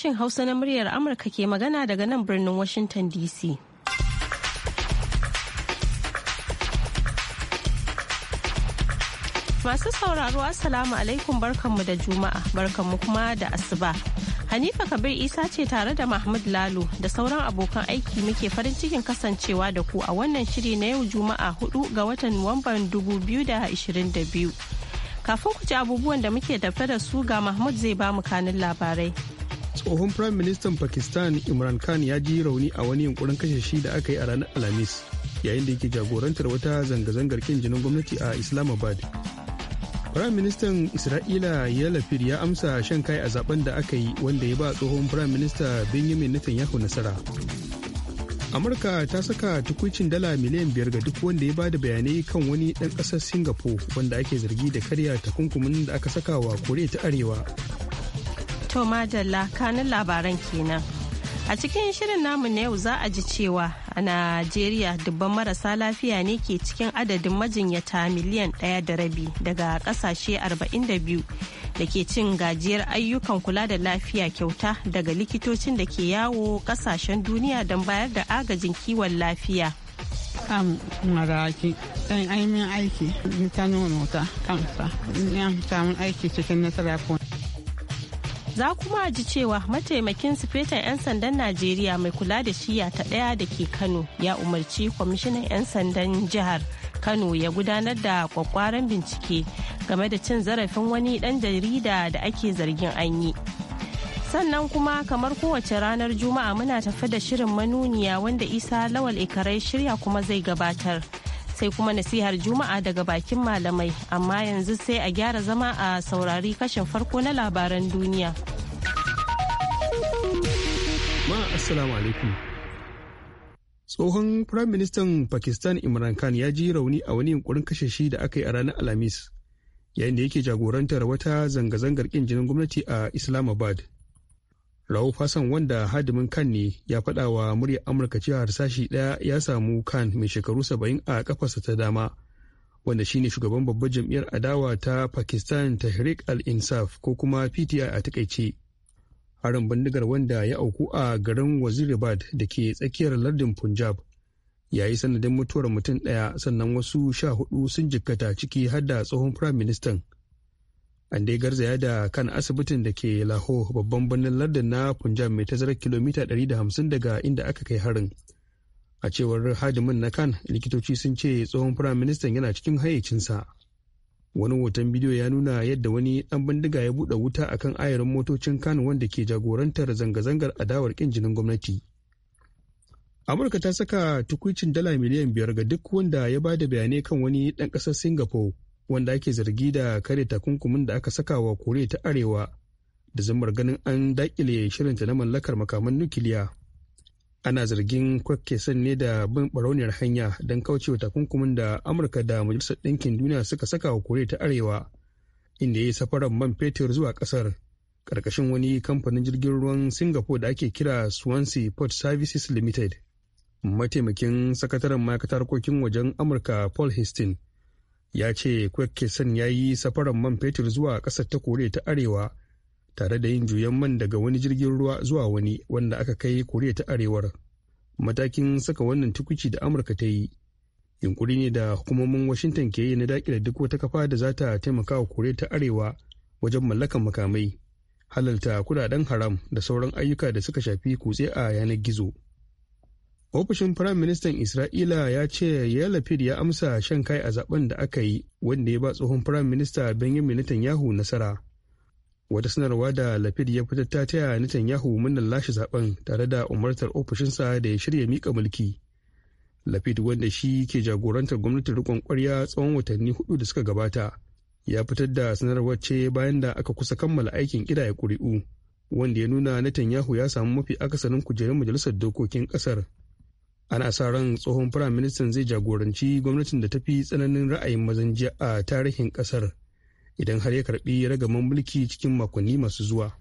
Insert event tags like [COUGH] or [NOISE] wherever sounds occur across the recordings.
sashen Hausa na muryar Amurka ke magana daga nan birnin Washington DC. Masu sauraro Assalamu alaikum barkanmu da Juma'a, barkanmu kuma da Asuba. Hanifa Kabir Isa ce tare da Mahmud Lalo da sauran abokan aiki muke farin cikin kasancewa da ku a wannan shiri na yau Juma'a 4 ga watan Nuwamban 2022. Kafin ku ji abubuwan da muke tafe da su ga Mahmud zai ba mu kanin labarai. tsohon prime ministan pakistan imran khan ya ji rauni a wani yunkurin kashe shi da aka yi a ranar alhamis yayin da yake jagorantar wata zanga-zangar kin jinin gwamnati a islamabad prime ministan isra'ila yalafir ya amsa shan kai a zaben da aka yi wanda ya ba tsohon prime minister benjamin netanyahu nasara amurka ta saka tukucin dala miliyan biyar ga duk wanda ya bada bayanai kan wani ɗan ƙasar singapore wanda ake zargi da karya takunkumin da aka saka wa koriya ta arewa To Majalla kanin labaran kenan. A cikin shirin namu na yau za a ji cewa a Najeriya dubban marasa lafiya ne ke cikin adadin majinyata miliyan ɗaya da rabi daga ƙasashe 42 da ke cin gajiyar ayyukan kula da lafiya kyauta daga likitocin da ke yawo ƙasashen duniya don bayar da agajin kiwon lafiya. kan maraki aiki aiki cikin nasara za kuma ji cewa mataimakin sufetan 'yan sandan najeriya mai kula da shiya ta daya da ke kano ya umarci kwamishinan 'yan sandan jihar kano ya gudanar da kwakwaran bincike game da cin zarafin wani ɗan jarida da ake zargin an yi sannan kuma kamar kowace ranar juma'a muna tafi da shirin manuniya wanda isa lawal ikarai shirya kuma zai gabatar sai kuma nasihar juma'a daga bakin malamai amma yanzu sai a gyara zama a saurari kashin farko na labaran duniya ma assalamu alaikum tsohon firaministan pakistan imran khan ya ji rauni a wani yunkurin kashe shi da aka yi a ranar alhamis yayin da yake jagorantar wata zanga-zangar kin jinin gwamnati a islamabad Rauf Fasan, wanda hadimin kan ne ya faɗa wa muryar Amurka cewa harsashi ɗaya ya samu kan mai shekaru saba'in a kafarsa ta dama wanda shine shugaban babbar jam'iyyar adawa ta Pakistan Tahrik al-Insaf ko kuma PTI a takaice. Harin bindigar wanda ya auku a garin Waziribad da ke tsakiyar lardin Punjab ya yi sanadin mutuwar mutum ɗaya sannan wasu sha hudu sun jikkata ciki har da tsohon firaministan. Minister. an dai garzaya da kan asibitin da ke laho babban birnin lardin na punjab mai tazarar kilomita 150 daga inda aka kai harin a cewar hadimin na kan likitoci sun ce tsohon firaministan yana cikin hayyacinsa wani hoton bidiyo ya nuna yadda wani dan bindiga ya buɗe wuta akan ayarin motocin kan wanda ke jagorantar zanga-zangar adawar kin jinin gwamnati amurka ta saka tukwicin dala miliyan biyar ga duk wanda ya ba da bayanai kan wani ɗan ƙasar singapore wanda ake zargi da kare takunkumin da aka saka wa koriya ta arewa da zamar ganin an dakile shirinta na mallakar makaman nukiliya ana zargin san ne da bin barauniyar hanya don kaucewa takunkumin da amurka da majalisar ɗinkin duniya suka saka wa koriya ta arewa inda ya yi safarar man fetur zuwa ƙasar ƙarƙashin wani kamfanin jirgin ruwan singapore da ake kira swansea port services limited mataimakin sakataren ma'aikatar harkokin wajen amurka paul hastings ya ce kwekkesan ya yi safaran man fetur zuwa ƙasar ta koriya ta arewa tare da yin juyan man daga wani jirgin ruwa zuwa wani wanda aka kai koriya ta arewar matakin saka wannan tukuci da amurka ta yi yunkuri ne da hukumomin washington ke yi na dakile duk wata kafa da za ta taimaka wa koriya ta arewa wajen mallakan makamai halalta kudaden haram da sauran ayyuka da suka shafi kutse a yanar gizo ofishin firayim ministan isra'ila ya ce yalafid ya amsa shan kai a zaben da aka yi wanda ya ba tsohon firayim minista benjamin netanyahu nasara wata sanarwa da lafid ya fitar ta taya netanyahu munnan lashe zaben tare da umartar ofishinsa da ya shirya mika mulki lafid wanda shi ke jagorantar gwamnatin rikon kwarya tsawon watanni hudu da suka gabata ya fitar da sanarwar ce bayan da aka kusa kammala aikin ƙidaya ƙuri'u wanda ya nuna Netanyahu ya samu mafi akasarin kujerun majalisar dokokin ƙasar. ana sa ran tsohon firaministan zai jagoranci gwamnatin da ta fi tsananin ra'ayin mazan jiya a tarihin kasar idan har ya karbi ragaman mulki cikin makonni masu zuwa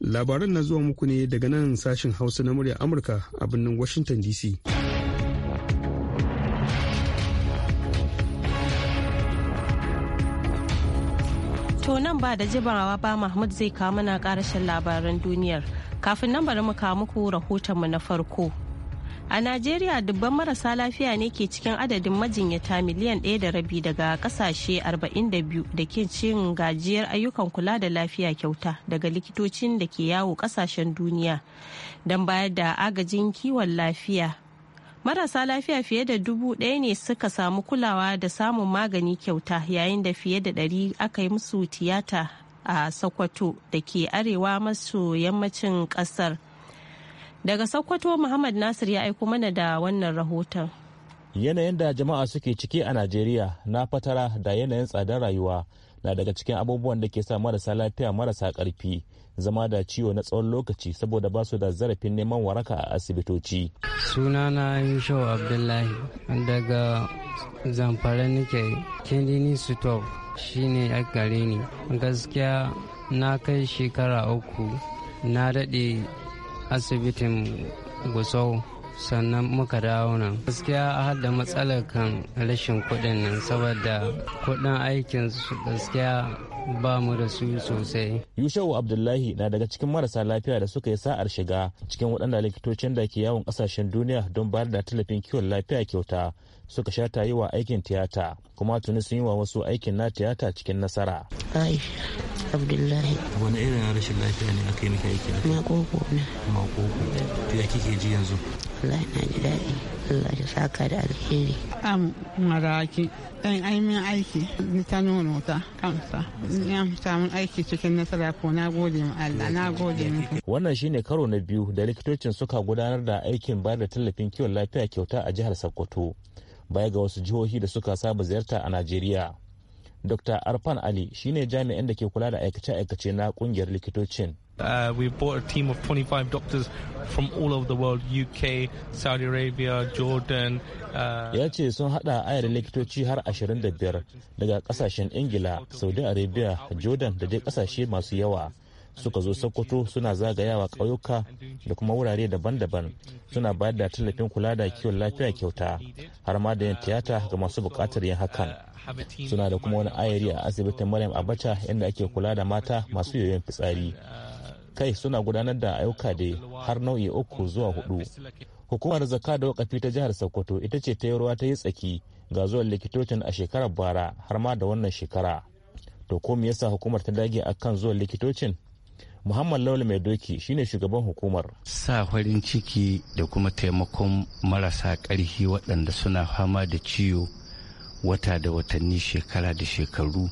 labaran na zuwa muku ne daga nan sashen hausa na murya amurka a birnin washington dc To nan ba da jibawa ba Mahmud zai kawo mana karashen labaran duniyar. Kafin nan bari mu kawo muku rahotonmu na farko. A Najeriya dubban marasa lafiya ne ke cikin adadin majinyata miliyan ɗaya da rabi daga ƙasashe 42 da ke cin gajiyar ayyukan kula da lafiya kyauta daga likitocin da ke yawo ƙasashen duniya don bayar da agajin kiwon lafiya. Marasa lafiya fiye da dubu ɗaya ne suka samu kulawa da samun magani kyauta yayin da fiye da ɗari aka yi musu tiyata a Sokoto da ke arewa maso yammacin ƙasar. Daga Sokoto Muhammad Nasir ya aiko mana da wannan rahoton. Yanayin da jama'a suke ciki a Najeriya na fatara da yanayin tsadar rayuwa na daga cikin abubuwan da ke sa marasa lafiya marasa ƙarfi zama da ciwo na tsawon lokaci saboda ba su da zarafin neman waraka a asibitoci. Sunana Yusuf Abdullahi daga zamfara nake Kendini Sutop shine a gare ni. Gaskiya na kai shekara uku na daɗe asibitin gusau sannan muka dawo nan gaskiya a hada matsalar kan rashin kuɗin nan saboda kuɗin aikin su gaskiya ba mu da su sosai yushau abdullahi na daga cikin marasa lafiya da suka yi sa'ar shiga cikin waɗanda likitocin da ke yawon ƙasashen duniya don bayar da tallafin kiwon lafiya kyauta suka sha ta yi wa aikin tiyata kuma tuni sun yi wa wasu aikin na tiyata cikin nasara aisha abdullahi wani irin rashin lafiya ne aka yi maka aiki a makoko ne makoko ya kike ji yanzu Allah na ji daɗi Allah ya saka da alheri am maraki dan ai min aiki ni ta nuna ta kansa ni am samun aiki cikin nasara ko na gode ma Allah na gode miki wannan shine karo na biyu da likitocin suka gudanar da aikin bayar da tallafin kiwon lafiya kyauta a jihar Sokoto baya ga wasu jihohi da suka saba ziyarta a Najeriya Dr. Arfan Ali shine jami'in da ke kula da aikace-aikace na kungiyar likitocin. Uh, we brought a team of 25 doctors from all over the world, UK, Saudi Arabia, Jordan. Uh, ya ce sun hada ayar likitoci har 25 daga kasashen Ingila, Saudi Arabia, Jordan da dai kasashe masu yawa. suka zo sokoto suna zagayawa ƙauyuka da kuma wurare daban-daban suna bayar da tallafin kula da kiwon lafiya kyauta har ma da yin tiyata ga masu bukatar yin hakan suna da kuma wani ayari a asibitin maryam abacha inda ake kula da mata masu yoyon fitsari kai suna gudanar da ayyuka da har nau'i uku zuwa hudu hukumar zakka da wakafi ta jihar sokoto ita ce ta yi ruwa ta yi tsaki ga zuwan likitocin a shekarar bara har ma da wannan shekara to ko me yasa hukumar ta dage akan zuwan likitocin Muhammad Lawal Mai Doki shine shugaban hukumar. Sa farin ciki da kuma taimakon marasa ƙarfi waɗanda suna fama da ciwo wata da watanni shekara da shekaru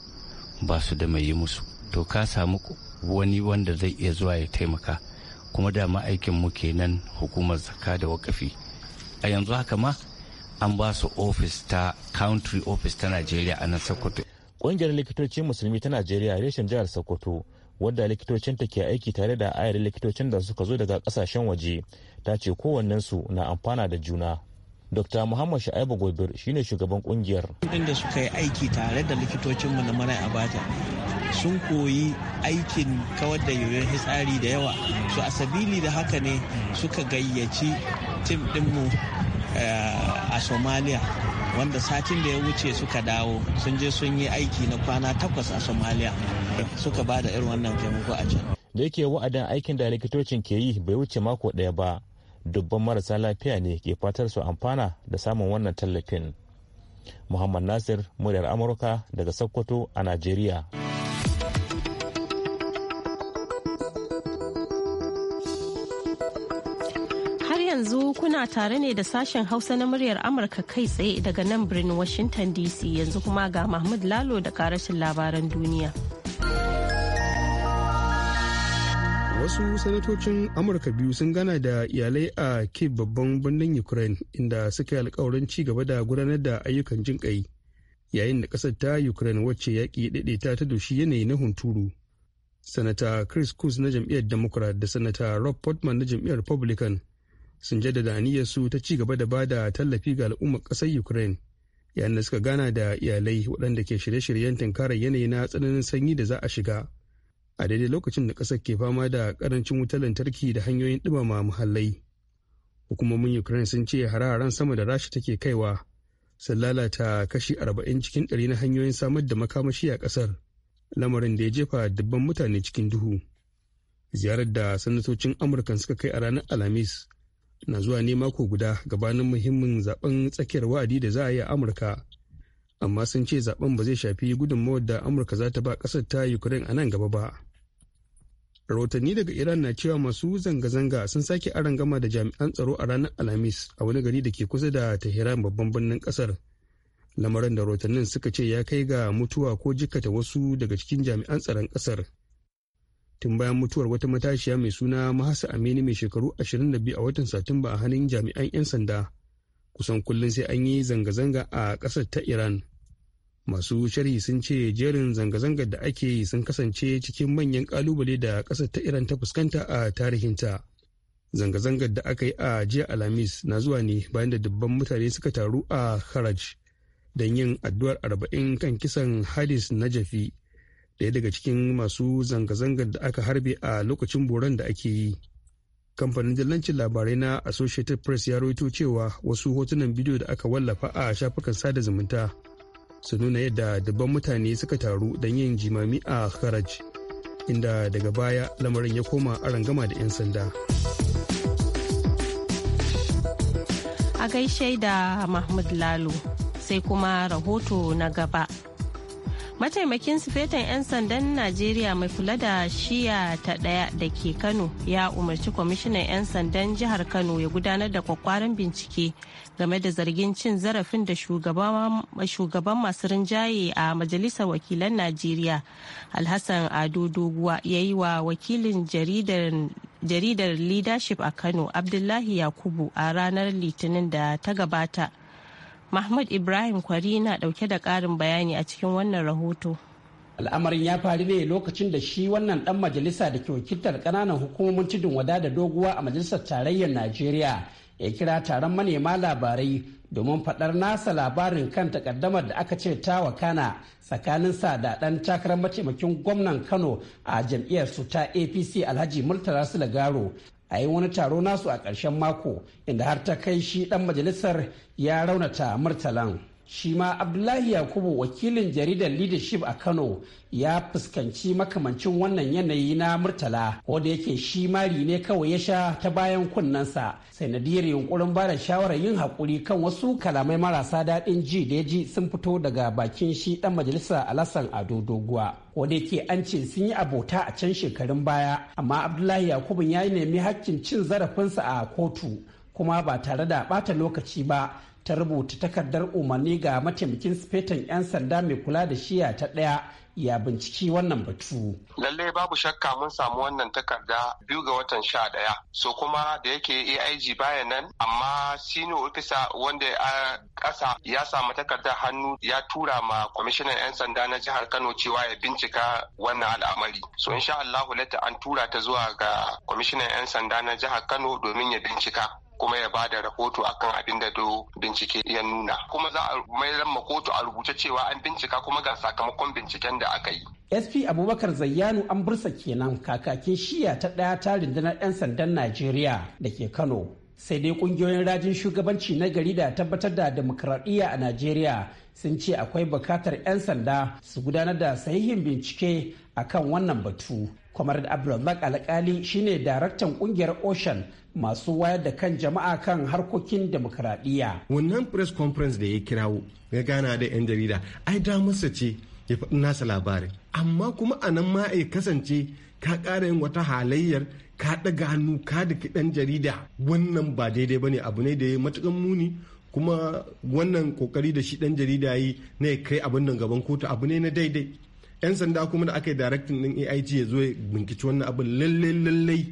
ba su da mai yi musu. To ka samu wani wanda zai iya zuwa ya taimaka kuma da ma'aikin mu kenan hukumar zakka da wakafi. A yanzu haka ma an ba su ofis ta country office ta Najeriya a nan Sokoto. Ƙungiyar likitocin musulmi ta Najeriya reshen jihar Sokoto wadda likitocinta ke aiki tare da ayar likitocin da suka zo daga kasashen waje ta ce kowannensu na amfana da juna Dr. Muhammad Sha'ibu Gobir shine shugaban kungiyar. Inda suka yi aiki tare da likitocin mu na mara abata sun koyi aikin kawar da yoyon hitsari da yawa su a sabili da haka ne suka gayyaci tim dinmu eh, a Somalia wanda satin da ya wuce suka dawo sun je sun yi aiki na kwana takwas a somalia suka ba da irin wannan taimako a can da yake wa'adin aikin da likitocin ke yi bai wuce mako ɗaya ba dubban marasa lafiya ne ke fatar su amfana da samun wannan tallafin muhammad nasir muryar amurka daga sokoto a najeriya yanzu kuna tare ne da sashen Hausa na muryar Amurka kai tsaye daga nan birnin Washington DC yanzu kuma ga Mahmud Lalo da karashin labaran duniya. Wasu sanatocin Amurka biyu sun gana da iyalai a ke babban birnin Ukraine inda suka yi alkawarin ci gaba da gudanar da ayyukan jinƙai yayin da ƙasar ta Ukraine wacce yaƙi daɗe ta ta doshi yanayi na hunturu. Sanata Chris Coons na jam'iyyar Democrat da Sanata Rob Portman na jam'iyyar Republican sun jaddada aniyarsu ta ci gaba da bada tallafi ga al'ummar ƙasar ukraine yayin da suka gana da iyalai waɗanda ke shirye-shiryen tunkarar yanayi na tsananin sanyi da za a shiga a daidai lokacin da ƙasar ke fama da ƙarancin wutar lantarki da hanyoyin ɗumama muhallai hukumomin ukraine sun ce hararen sama da rasha take kaiwa sun lalata kashi arba'in cikin ɗari na hanyoyin samar da makamashi a ƙasar lamarin da ya jefa dubban mutane cikin duhu ziyarar da sanatocin amurka suka kai a ranar alhamis na zuwa ne mako guda gabanin muhimmin zaben tsakiyar wa'adi da za a yi a amurka amma sun ce zaben ba zai shafi gudunmawar da amurka za ta ba kasar ta ukraine a nan gaba ba rahotanni daga iran na cewa masu zanga-zanga sun sake gama da jami'an tsaro a ranar alhamis a wani gari da ke kusa da tehran babban birnin kasar lamarin da rahotannin suka ce ya kai ga mutuwa ko jikkata wasu daga cikin jami'an tsaron kasar tun bayan mutuwar wata matashiya mai suna mahasa amini mai shekaru 22 a watan satumba a hannun jami'an 'yan sanda kusan kullum sai an yi zanga-zanga a ƙasar ta iran masu sharhi sun ce jerin zanga-zangar da ake yi sun kasance cikin manyan kalubale da ƙasar ta iran ta fuskanta a tarihinta zanga-zangar da aka yi a jiya alhamis na zuwa ne bayan da dubban mutane suka taru a haraj don yin addu'ar arba'in kan kisan hadis na jafi daya daga cikin masu zanga-zangar da aka harbe a lokacin boran da ake yi kamfanin dillancin labarai na associated press ya rawaito cewa wasu hotunan bidiyo da aka wallafa a shafukan sada zumunta su nuna yadda dubban mutane suka taru don yin jimami a kharaj inda daga baya lamarin ya koma rangama da 'yan sanda a gaishe da mahmud lalo sai kuma rahoto na gaba mataimakin sufetan 'yan sandan najeriya mai kula da shiya ta daya da ke kano ya umarci kwamishinan 'yan sandan jihar kano ya gudanar da kwakwaran bincike game da zargin cin zarafin da shugaban masu rinjaye a majalisar wakilan najeriya alhassan ado doguwa ya yi wa wakilin jaridar jaridar leadership a kano abdullahi yakubu a ranar litinin da ta gabata Mahmud Ibrahim Kwari na ɗauke da ƙarin bayani a cikin wannan rahoto. al'amarin ya faru ne lokacin da shi wannan dan majalisa da ke wakiltar kananan hukumomin tudun wada da doguwa a majalisar tarayyar najeriya ya kira taron manema labarai domin faɗar nasa labarin kan takaddamar da aka ce ta wakana tsakanin sa da Dan takarar mataimakin gwamnan kano a jam'iyyar su ta apc alhaji murtala sulagaro a yi wani taro nasu a ƙarshen mako inda har ta kai shi ɗan majalisar ya raunata murtalan shi ma abdullahi yakubu wakilin jaridar leadership a kano ya fuskanci makamancin wannan yanayi na murtala wanda yake shi mari ne kawai ya sha ta bayan sa. sanadiyar yunkurin bada shawarar yin haƙuri kan wasu kalamai marasa daɗin ji da ji sun fito daga bakin shi ɗan majalisa alasan ado doguwa wanda yake an ce sun yi abota a can shekarun baya amma abdullahi yakubu ya yi nemi haƙƙin cin zarafinsa a kotu kuma ba tare da ɓata lokaci ba ta rubuta takardar umarni ga mataimakin sifetan 'yan sanda mai kula da shiya ta ɗaya ya binciki wannan batu. Lallai babu shakka mun samu wannan takarda biyu ga watan sha ɗaya. So kuma da yake AIG baya nan amma sino ofisa wanda a ƙasa ya samu takarda hannu ya tura ma kwamishinan 'yan sanda na jihar Kano cewa ya bincika wannan al'amari. So insha Allahu lata an tura ta zuwa ga kwamishinan 'yan sanda na jihar Kano domin ya bincika. kuma ya bada rahoto akan abin da do bincike ya nuna kuma za a mayar ma kotu a rubuce cewa an bincika kuma ga sakamakon binciken da aka yi sp abubakar zayyanu an bursa kenan kakakin shiya ta ɗaya ta rundunar 'yan sandan najeriya da ke kano sai dai kungiyoyin rajin shugabanci na gari da tabbatar da demokradiyya a najeriya sun ce akwai bukatar 'yan sanda su gudanar da sahihin bincike akan wannan batu kamar kwamar abdulmak alkali shine daraktan kungiyar ocean masu wayar da kan jama'a kan harkokin demokradiyya wannan press conference da ya kirawo ya gana da 'yan jarida ai damarsa ce ya faɗi nasa labarin amma kuma a nan ma ya kasance ka ƙara yin wata halayyar ka ɗaga hannu ka da ɗan jarida wannan ba daidai ba ne abu ne da ya matukan muni kuma wannan kokari da shi ɗan jarida yi na ya kai abin gaban kotu abu ne na daidai 'yan sanda kuma da aka yi directing din aig ya zo ya binkici wannan abin lalle lalle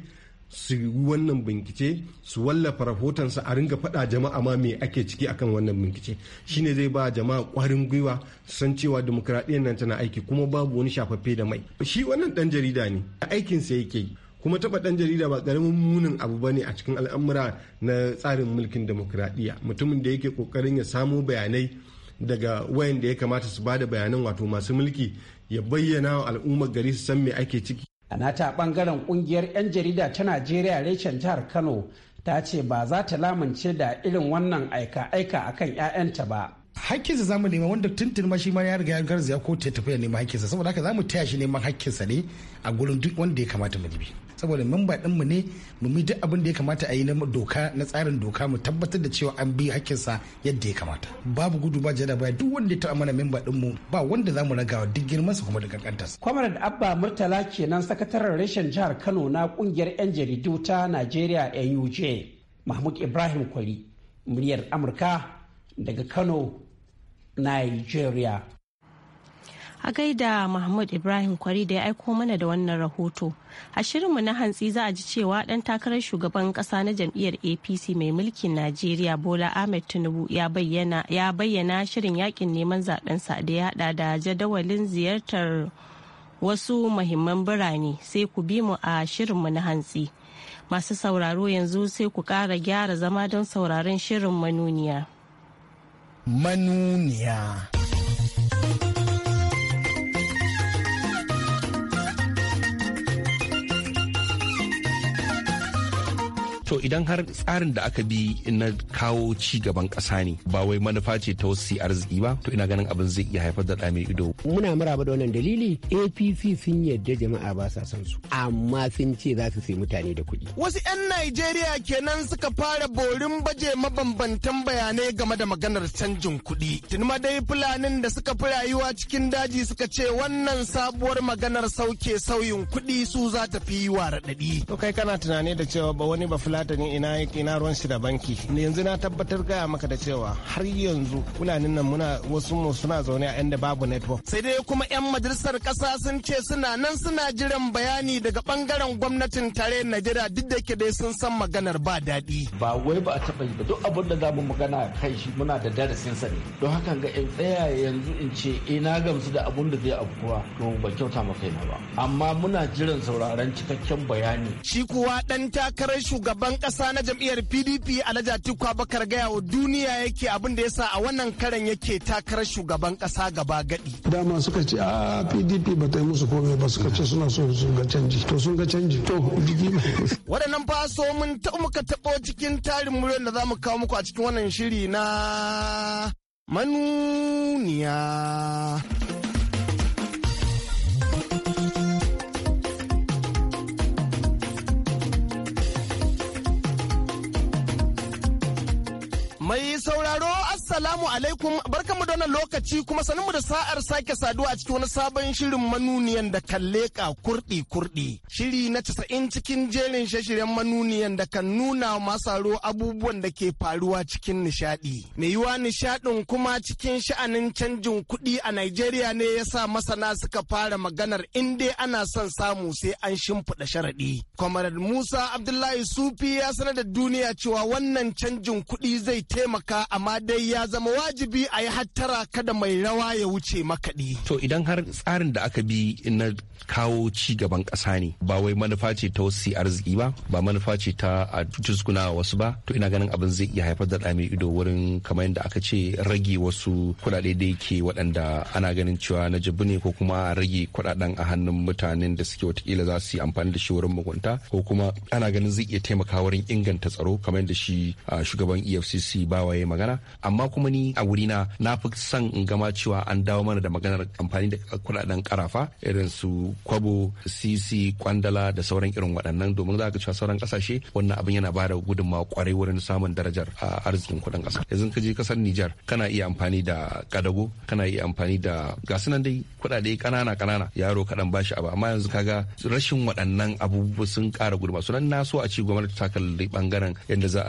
su wannan binkice su wallafa rahotonsa a ringa faɗa jama'a ma me ake ciki akan wannan binkice shine zai ba jama'a kwarin gwiwa san cewa demokradiyyar nan tana aiki kuma babu wani shafaffe da mai shi wannan dan jarida ne aikinsa yake yi kuma taba ɗan jarida ba ƙaramin munin abu ba ne a cikin al'amura na tsarin mulkin demokuraɗiyya mutumin da yake kokarin ya samo bayanai daga wayan da ya kamata su bada bayanan wato masu mulki ya bayyana wa al'ummar gari su san me ake ciki a nata bangaren kungiyar 'yan jarida ta najeriya reshen jihar kano ta ce ba za ta lamunce da irin wannan aika-aika akan 'ya'yanta ba hakkinsa zamu nema wanda tuntun ma shi ma ya riga ya garzaya ko ta tafiya neman hakkinsa saboda haka zamu taya shi neman sa ne a gurin duk wanda ya kamata mu bi saboda memba ɗinmu ne mu mi duk abin da ya kamata a yi na doka na tsarin doka mu tabbatar da cewa an bi hakkinsa yadda ya kamata babu gudu ba jada ba duk wanda ya taɓa mana memba mu ba wanda za mu ragawa duk su kuma da su. comrade abba murtala kenan sakataren reshen jihar kano na kungiyar 'yan jaridu ta nigeria nuj mahmud ibrahim kwari muryar amurka daga kano nigeria A gaida Mahmud Ibrahim Kwari da ya aiko mana da wannan rahoto. A shirinmu na hantsi za a ji cewa dan takarar shugaban kasa na jam'iyyar APC mai mulkin Najeriya Bola Ahmed Tinubu ya bayyana shirin yakin neman sa da ya hada da jadawalin ziyartar wasu mahimman birane sai ku bi mu a shirinmu na hantsi. Masu sauraro yanzu sai ku ƙara gyara zama don sauraron shirin manuniya. Manuniya. to idan har tsarin da aka bi na kawo ci gaban ƙasa ne ba wai manufa ce ta wasu arziki ba to ina ganin abin zai iya haifar da ɗame ido. muna maraba da wannan dalili apc sun yarda jama'a ba sa son su amma sun ce za su sai mutane da kuɗi. wasu 'yan najeriya kenan suka fara borin baje mabambantan bayanai game da maganar canjin kuɗi tun ma dai fulanin da suka fi rayuwa cikin daji suka ce wannan sabuwar maganar sauke sauyin kuɗi su za ta fi wa raɗaɗi. to kai kana tunani da cewa ba wani ba fulani fulatani ina ina ruwan shi da banki yanzu na tabbatar gaya maka da cewa har yanzu fulanin nan muna wasu mu suna zaune a inda babu network sai dai kuma yan majalisar kasa sun ce suna nan suna jiran bayani daga bangaren gwamnatin tare na jira duk da ke dai sun san maganar ba daɗi ba wai ba a taɓa yi ba duk abin da zamu magana kai shi muna da darasin sa ne don hakan ga in tsaya yanzu in ce ina eh, gamsu da abun da zai afkuwa to ba kyauta ma kaina ba amma muna jiran sauraron cikakken bayani shi kuwa dan takarar shugaban shugaban kasa na jam'iyyar pdp alhaji atiku abakar gaya wa duniya yake abin da sa a wannan karan yake takarar shugaban kasa gaba gadi dama suka ce a pdp ba ta yi musu komai ba suka ce suna so su ga canji to sun ga canji to jiki. [LAUGHS] waɗannan faso mun taɓa muka taɓo cikin tarin muryar da za mu kawo muku a cikin wannan shiri na manuniya Mai sauraro Assalamu alaikum mu da wannan lokaci kuma sanin mu da sa'ar sake saduwa a cikin wani sabon shirin manuniyan da kan leƙa kurɗi kurɗi. Shiri na casa'in cikin jerin shashiren manuniyan da kan nuna masaro abubuwan da ke faruwa cikin nishaɗi. Mai yiwa nishaɗin kuma cikin sha'anin canjin kuɗi a Najeriya ne ya sa masana suka fara maganar in dai ana son samu sai an shimfiɗa sharaɗi. Kwamarar Musa Abdullahi Sufi ya sanar da duniya cewa wannan canjin kuɗi zai taimaka amma dai ya zama wajibi a yi hattara kada mai rawa ya wuce makaɗi. To idan har tsarin da aka bi na kawo ci gaban ƙasa ne ba wai manufa ce ta wasu arziki ba ba manufa ce ta a tuskuna wasu ba to ina ganin abin zai iya haifar da ɗame ido wurin kamar yadda aka ce rage wasu kuɗaɗe da yake waɗanda ana ganin cewa na jibu ne ko kuma rage kuɗaɗen a hannun mutanen da suke watakila za su yi amfani da shi wurin mugunta ko kuma ana ganin zai iya taimaka wurin inganta tsaro kamar yadda shi shugaban efcc waye magana amma kuma ni a wuri na na fi son in gama cewa an dawo mana da maganar amfani da kudaden karafa irin su kwabo cc kwandala da sauran irin waɗannan domin za ka cewa sauran ƙasashe wannan abin yana bada gudunmawa kwarai wurin samun darajar a arzikin kuɗin ƙasa yanzu ka je ƙasar nijar kana iya amfani da kadago kana iya amfani da gasu nan dai kuɗaɗe ƙanana ƙanana yaro kaɗan bashi abu amma yanzu kaga rashin waɗannan abubuwa sun ƙara gudunma sunan na so a ci gwamnati ta kalli ɓangaren yadda za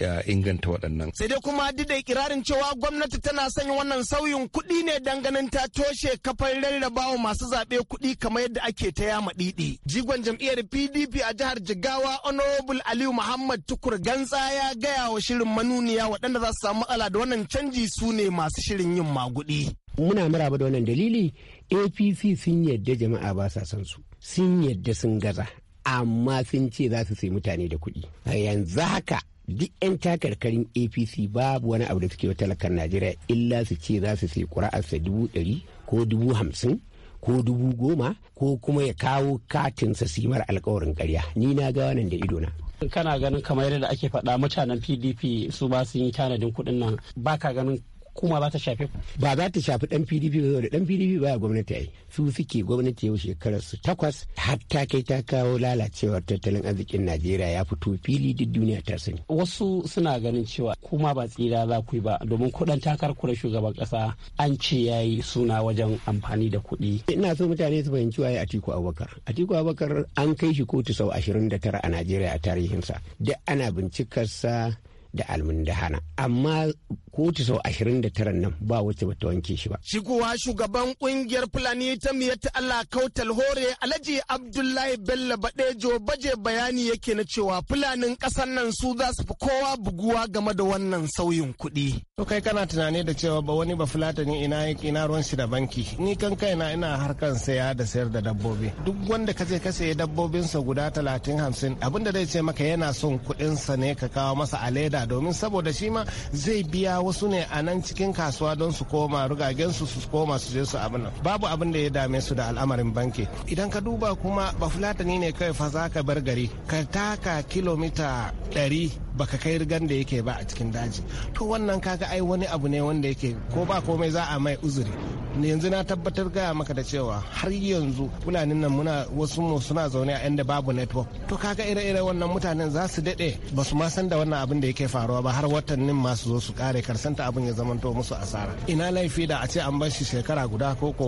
a inganta waɗannan sai dai kuma duk da ikirarin cewa gwamnati tana tana sanya wannan sauyin kuɗi ne danganin ta toshe kafar rarrabawa masu zaɓe kuɗi kamar yadda ake ta yama ɗiɗi. Jigon jam'iyyar PDP a jihar Jigawa Honorable Aliyu Muhammad Tukur Gantsa ya gaya wa shirin manuniya waɗanda za su samu matsala da wannan canji su ne masu shirin yin maguɗi. Muna maraba da wannan dalili APC sun yadda jama'a ba sa son su sun yadda sun gaza amma sun ce za su sai mutane da kuɗi. a Yanzu haka duk 'yan takarkarin apc babu wani abu da suke wata talakar najeriya illa su ce za su sai ƙura'arsa dubu ɗari ko dubu hamsin ko dubu goma ko kuma ya kawo katin sa simar alkawarin karya ni na ga wannan da idona kana ganin kamar yadda ake faɗa mutanen pdp su ba su yi tanadin kuɗin nan ba ka ganin kuma ba ta shafe ku ba za ta shafi dan PDP ba da dan PDP ya gwamnati ai su suke gwamnati yau shekarar su takwas hatta kai ta kawo lalacewar tattalin arzikin Najeriya ya fito fili duk duniya ta sani wasu suna ganin cewa kuma ba tsira za ku yi ba domin kuɗan takar shugaban kasa an ce ya yi suna wajen amfani da kuɗi ina so mutane su fahimci waye Atiku Abubakar Atiku Abubakar an kai shi kotu sau ashirin da tara a Najeriya a tarihinsa duk ana bincikarsa da almundahana amma kotu sau ashirin da tara nan ba wacce bata wanke shi ba. Shi shugaban kungiyar Fulani ta miyata Allah Kautal Hore Alhaji Abdullahi Bello Badejo baje bayani yake na cewa Fulanin kasan nan su za su fi kowa buguwa game da wannan sauyin kuɗi. To kai kana tunani da cewa ba wani ba ina ina ruwan shi da banki. Ni kan kaina ina harkan saya da sayar da dabbobi. Duk wanda ka je ka sayi dabbobinsa guda talatin hamsin abinda zai ce maka yana son kuɗinsa ne ka kawo masa a leda domin saboda shi ma zai biya wasu ne a nan cikin kasuwa don su koma rugagen su koma su je su abin nan babu abin da ya dame su da al'amarin banki idan ka duba kuma ni ne kai fa za ka bar gari ka taka kilomita 100 baka kai rigan da yake ba a cikin daji to wannan kaga ai wani abu ne wanda yake ko ba komai za a mai uzuri yanzu na tabbatar gaya maka da cewa har yanzu fulanin nan muna wasu mu suna zaune a inda babu network to kaga ire-ire wannan mutanen za su daɗe ba su ma san da wannan abin da yake faruwa ba har watannin masu zo su kare karshen abin ya zamanto musu asara ina laifi da a ce an bar shi shekara guda ko ko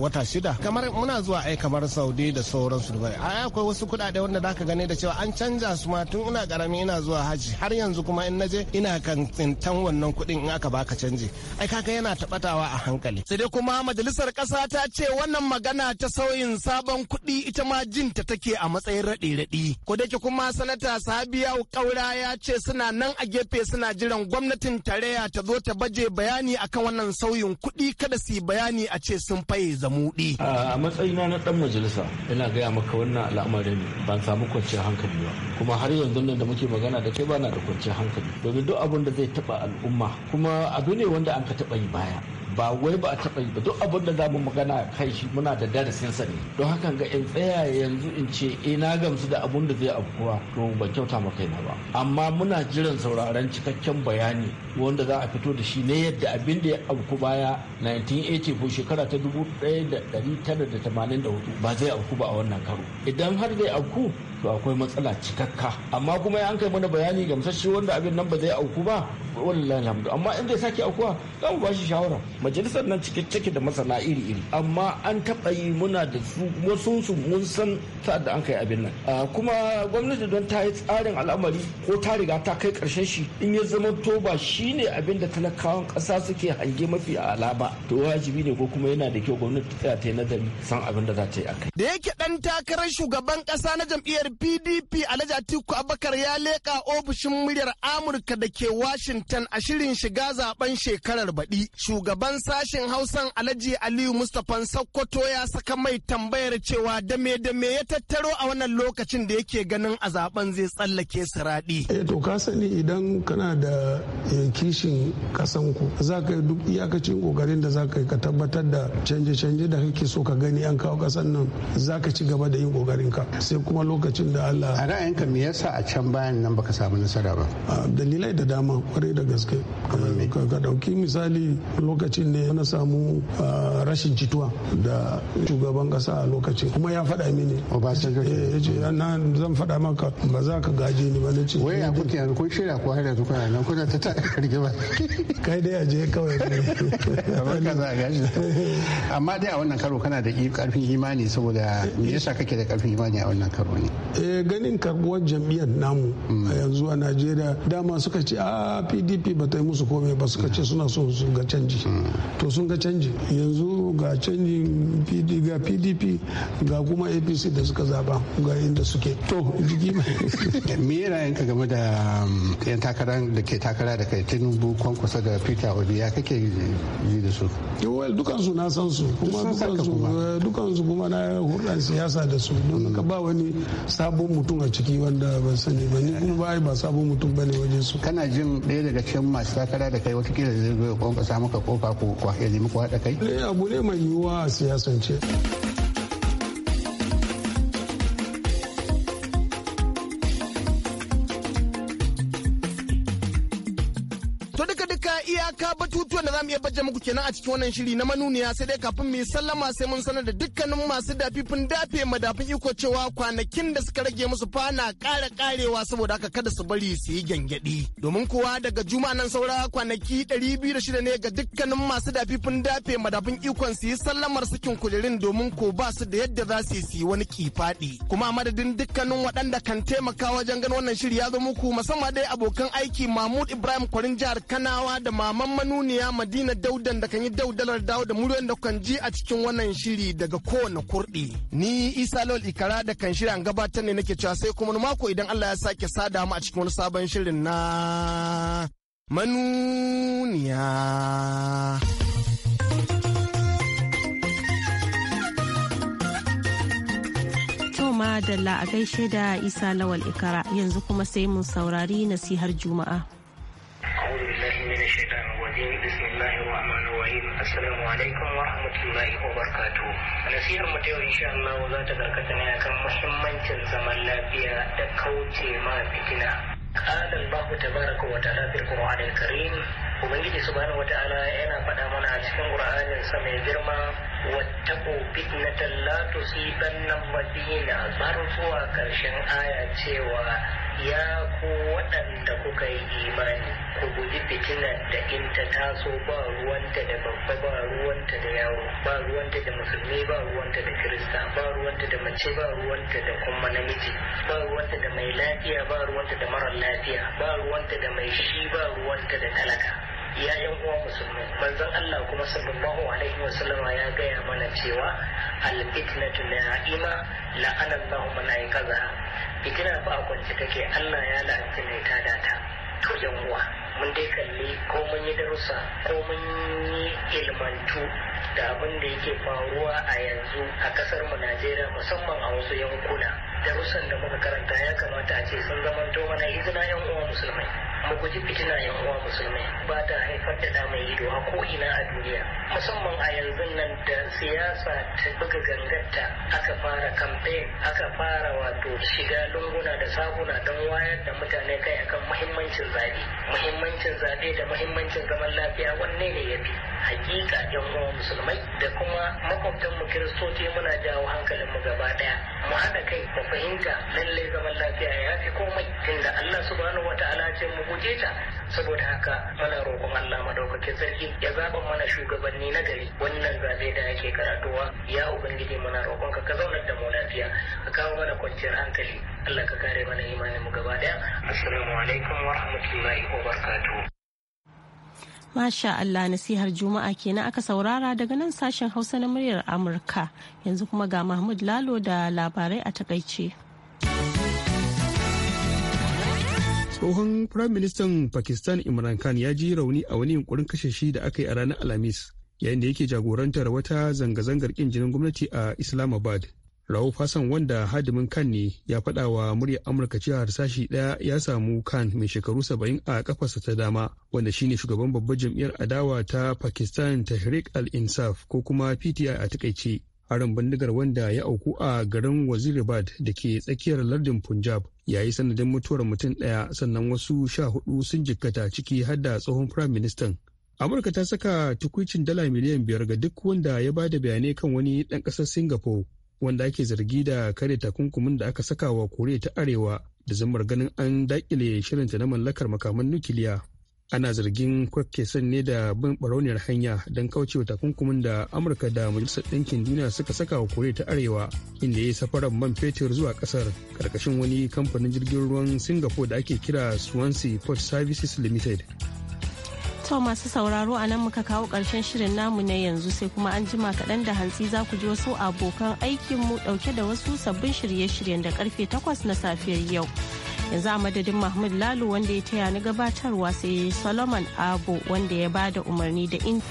wata shida kamar muna zuwa ai kamar saudi da sauransu dubai ai akwai wasu kuɗaɗe wanda zaka gane da cewa an canja su ma tun ina karami ina zuwa haji har yanzu kuma in naje ina kan tsintan wannan kuɗin in aka baka canji ai kaga yana tabatawa a hankali sai dai kuma majalisar ƙasa ta ce wannan magana ta sauyin sabon kuɗi ita ma jinta take a matsayin raɗe-raɗi ko da kuma sanata sabiya kaura ya ce suna nan a gefe suna jiran gwamnatin tare ya ta zo ta baje bayani akan wannan sauyin kuɗi kada su yi bayani a ce sun faye zamuɗi. A matsayina na ɗan majalisa ina gaya maka wannan al'amarin ban samu kwanciyar hankali ba kuma har yanzu nan da muke magana da kai ba na da kwanciyar hankali domin duk abin da zai taɓa al'umma kuma abu ne wanda an ka taɓa yi baya ba wai ba a taɓa yi ba duk abin da zamu magana kai shi muna da darasin sa ne don haka ga in tsaya yanzu in ce eh na gamsu da abun da zai afkuwa to ban kyauta ma kaina ba amma muna jiran sauraron cikakken bayani wanda za a fito da shi ne yadda abin da ya auku baya 1980 ko shekara ta 1984 ba zai auku ba a wannan karo idan har zai auku. to akwai matsala cikakka amma kuma ya an kai mana bayani gamsasshe wanda abin nan ba zai auku ba wallahi alhamdu amma in zai sake aukuwa za mu bashi shawara majalisar nan cike cike da masana iri iri amma an taba yi muna da su wasu su mun san sa'ad da an kai abin nan ah, kuma gwamnati don ta yi tsarin al'amari ko ta riga ta kai karshen shi in ya zama to ba shine abin da talakawan ƙasa suke hange mafi ala ba to wajibi ne ko kuma yana da kyau gwamnati ta ta yi nazari san abin da za ta yi akai da yake dan takarar shugaban ƙasa na jam'iyyar PDP Alhaji Atiku Abakar ya leka ofishin muryar Amurka da ke Washington a shirin shiga zaben shekarar baɗi. Shugaban sashen Hausan Alhaji Aliyu Mustapha Sokoto ya saka mai tambayar cewa dame dame ya tattaro a wannan lokacin da yake ganin a zaben zai tsallake siraɗi. Eh to ka sani idan kana da eh, kishin kasan ku za ka yi duk iyakacin kokarin da za ka yi ka tabbatar da canje-canje da kake so ka gani an kawo kasan nan za ka ci gaba da yin kokarin ka sai kuma lokacin lokacin da Allah a ra'ayinka me yasa a can bayan nan baka samu nasara ba dalilai da dama kwarai da gaske ka dauki misali lokacin ne na samu rashin jituwa da shugaban kasa a lokacin kuma ya faɗa mini Obasanjo eh, ya ce na zan faɗa maka ba za ka gaje ni ba na ce wai ya kuke yanzu kun shirya ko har yanzu kuna nan kuna ta taka ba. [LAUGHS] kai dai a je kawai [LAUGHS] kamar ka za a gashi amma dai a wannan karo kana da ƙarfin imani saboda me yasa kake da ƙarfin imani a wannan karo ne eh ganin karbuwar jam'iyyar namu a yanzu a najeriya dama suka ce a ah, pdp ba ta yi musu komai ba suka ce suna so su ga canji to sun ga canji yanzu ga canjin ga pdp ga kuma apc da suka zaba ga inda suke to jiki mai [LAUGHS] me ra'ayinka game da um, yan takara da ke takara da kai tinubu kwankwasa da peter obi ya kake yi da su yawon dukansu na san su kuma eh, dukansu kuma na hurɗar siyasa da su don ka ba wani sabon mutum a ciki wanda ban sani ba ni kuma ba sabon mutum bane wajen su kana jin ɗaya daga cikin masu takara da kai wata watakila zai zo ya kwankwasa maka kofa ko kwa ya nemi ko haɗa kai eh, abu ne mai yiwuwa a siyasance. ne baje muku kenan a cikin wannan shiri na manuniya sai dai kafin mu yi sallama sai mun sanar da dukkanin masu dafifin dafe madafin iko cewa kwanakin da suka rage musu fana ƙara ƙarewa saboda haka kada su bari su yi gyangyaɗi. Domin kuwa daga juma nan saura kwanaki shida ne ga dukkanin masu dafifin dafe madafin ikon su yi sallamar sukin kujerin domin ko ba su da yadda za su yi wani kifaɗi. Kuma madadin dukkanin waɗanda kan taimaka wajen ganin wannan shiri ya zo muku musamman dai abokan aiki Mahmud Ibrahim Kwarin jihar Kanawa da Maman Manuniya Madina na Daudan da kan yi daudalar dawo da muryoyin da kan ji a cikin wannan shiri daga kowane kurɗi. Ni Isa Lawal Ikara da kan shirin gabatar ne nake cewa sai kuma mako idan Allah ya sake sada mu a cikin wani sabon shirin na manuniya. Toma da a gaishe da Isa Lawal Ikara yanzu kuma sai mun saurari nasihar Juma'a. أعوذ بالله من الشيطان الرجيم بسم الله الرحمن الرحيم السلام عليكم ورحمة الله وبركاته نصيحة متيو إن شاء الله وذات بركتنا كم مهمة زمن لا بيا دكوتي ما بتنا قال الله تبارك وتعالى في القرآن الكريم Ubangiji subhanahu wa ta'ala yana faɗa mana a cikin Qur'anin sa mai girma wattaqu fitnatan la tusibanna alladhina zuwa karshen aya cewa ya ku waɗanda kuka yi imani ku guji fitinar da in ta taso ba ruwanta da babba ba ruwanta da yawo ba ruwanta da musulmi ba ruwanta da kirista ba ruwanta da mace ba ruwanta da kuma namiji ba ruwanta da mai lafiya ba ruwanta da mara lafiya ba ruwanta da mai shi ba ruwanta da talaka ya yan uwa musulmi manzon Allah kuma sallallahu alaihi wa sallama ya gaya mana cewa al-fitnatu na'ima la'ana Allahu man yaqaza fitina fa kwance take Allah ya la'anta ne ta data to yan uwa mun dai kalli ko mun yi darussa ko mun yi ilmantu da abin da yake faruwa a yanzu a kasar mu Najeriya musamman a wasu yankuna darussan da muka karanta ya kamata a ce sun zamanto mana izina yan uwa musulmai mu guji fitina yan uwa musulmai ba ta haifar da dama yi ido a ko ina a duniya musamman a yanzu nan da siyasa ta buga gangarta aka fara kamfen aka fara wato shiga lunguna da sabuna, don wayar da mutane kai akan muhimmancin zabe muhimmancin zabe da muhimmancin zaman lafiya wanne ne ya fi hakika yan uwa musulmai da kuma makwabtan mu kiristoci muna jawo hankalin mu gaba daya mu haɗa kai mu fahimta lallai zaman lafiya ya fi komai tunda Allah subhanahu wataala ce mu guje ta saboda haka muna roƙon Allah madaukakin sarki ya zaba mana shugabanni na gari wannan zabe da yake karatuwa ya ubangiji muna roƙon ka ka zauna da mu lafiya ka kawo mana kwanciyar hankali Allah ka kare mana imanin mu gaba daya assalamu alaikum wa rahmatullahi wa barakatuh Masha Allah nasihar Juma'a kenan aka saurara daga nan sashen Hausa na muryar Amurka yanzu kuma ga Mahmud Lalo da labarai a takaice. tsohon firaministan pakistan imran khan ya ji rauni a wani yunkurin kashe shi da aka yi a ranar alhamis yayin da yake jagorantar wata zanga-zangar kin jinin gwamnati a islamabad rauf hassan wanda hadimin kan ne ya faɗa wa muryar amurka cewa harsashi ɗaya ya samu kan mai shekaru saba'in a kafarsa ta dama wanda shine shugaban babbar jam'iyyar adawa ta pakistan tahrik al-insaf ko kuma pti a takaice harin bindigar wanda ya auku a garin wazirabad da ke tsakiyar lardin punjab ya yi sanadin mutuwar mutum daya sannan wasu sha hudu sun jikkata ciki har da tsohon firaministan minister. amurka ta saka tukwicin dala miliyan biyar ga duk wanda ya ba da bayanai kan wani dan kasar singapore wanda ake zargi da kare takunkumin da aka saka wa koriya ta arewa da zamar ganin an dakile shirinta na mallakar makaman nukiliya ana zargin san ne da bin barauniyar hanya don kaucewa takunkumin da amurka da majalisar ɗinkin duniya suka saka wa koriya ta arewa inda ya yi safarar man fetur zuwa ƙasar karkashin wani kamfanin jirgin ruwan singapore da ake kira swansea port services limited to masu sauraro a nan muka kawo ƙarshen shirin namu na yanzu sai kuma an jima kaɗan da hantsi za ku ji wasu abokan aikinmu ɗauke da wasu sabbin shirye-shiryen da karfe 8 na safiyar yau. yanzu a madadin mahmud lalu wanda ya taya ni gabatarwa sai solomon abu wanda ya bada umarni da in